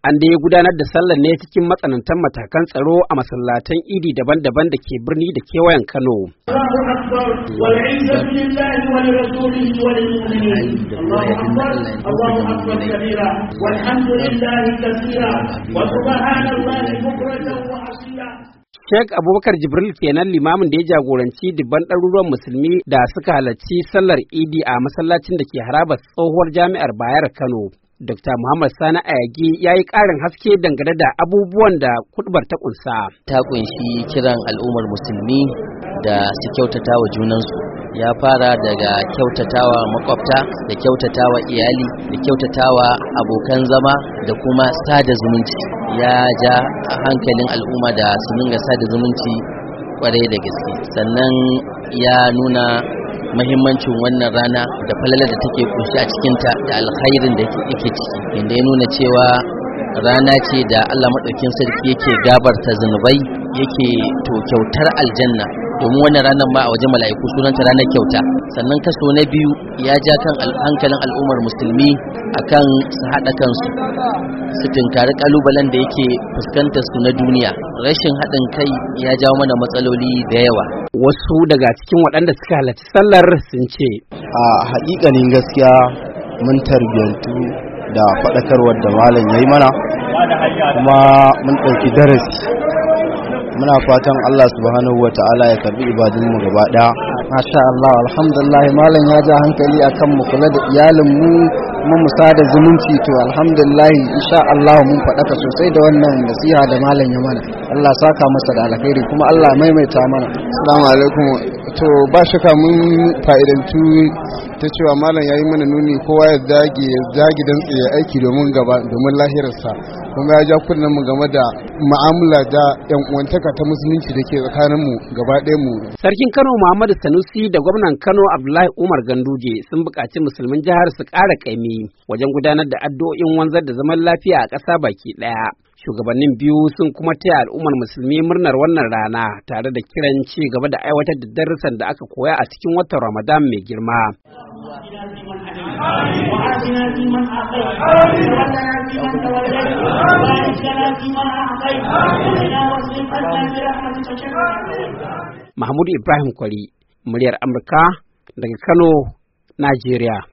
An da ya gudanar da sallar ne cikin matsanantan matakan tsaro a masallatan idi daban-daban da ke birni da kewayen Kano. Sheikh Abubakar Jibril kenan limamin da ya jagoranci dubban ɗaruruwan musulmi da suka halarci sallar idi a masallacin da ke harabar tsohuwar jami'ar Bayar Kano. Dr. Muhammad Sani Ayagi ya yi ƙarin haske dangane da abubuwan da kuɗubar ta ƙunsa. Ta ƙunshi kiran al'ummar musulmi da su kyautata wa junansu. Ya fara daga kyautatawa makwabta da kyautatawa iyali da kyautatawa abokan zama da kuma sada zumunci. Ya ja a hankalin al'umma da su dinga sada zumunci kwarai da gaske. Sannan ya nuna mahimmancin wannan rana da falalar da take kunshi a cikinta da alkhairin da yake ciki inda ya nuna cewa rana ce da Allah maɗaukin sarki yake gabarta zunubai yake to kyautar aljanna domin wannan ranar ma a wajen mala'iku sunanta ranar kyauta sannan kaso na biyu ya ja kan hankalin al'ummar musulmi akan su haɗa kansu su tunkari kalubalen da yake fuskantar su na duniya rashin haɗin kai ya jawo mana matsaloli da yawa wasu daga cikin waɗanda suka halarci sallar sun ce a haƙiƙanin gaskiya mun tarbiyantu da faɗakarwar da malam ya yi mana kuma mun ɗauki darasi muna fatan Allah subhanahu wata'ala ya karbi ibadun mu gaba daya masha Allah alhamdulillah malam ya ja hankali akan mu kula da iyalin mu Mun musa sada zumunci to alhamdulillah insha Allah mun faɗaka sosai da wannan nasiha da malam ya mana Allah saka masa da alheri kuma Allah maimaita mana assalamu alaikum to ba shaka mun fa'idantu ta cewa malam yayi mana nuni kowa ya zage ya zage dan tsaye aiki domin gaba domin lahirarsa kuma ya ja kunnen mu game da mu'amala da yan uwantaka ta musulunci da ke tsakanin mu gaba mu sarkin Kano Muhammadu Sanusi da gwamnan Kano Abdullahi Umar Ganduje sun buƙaci musulmin jihar su ƙara ƙaimi ne wajen gudanar da addu'o'in wanzar da zaman lafiya a ƙasa baki ɗaya. Shugabannin biyu sun kuma taya al'ummar musulmi murnar wannan rana tare da kiran ci gaba da aiwatar da darussan da aka koya a cikin watan Ramadan mai girma. mahmud Ibrahim Kwari, muryar Amurka daga Kano, Najeriya.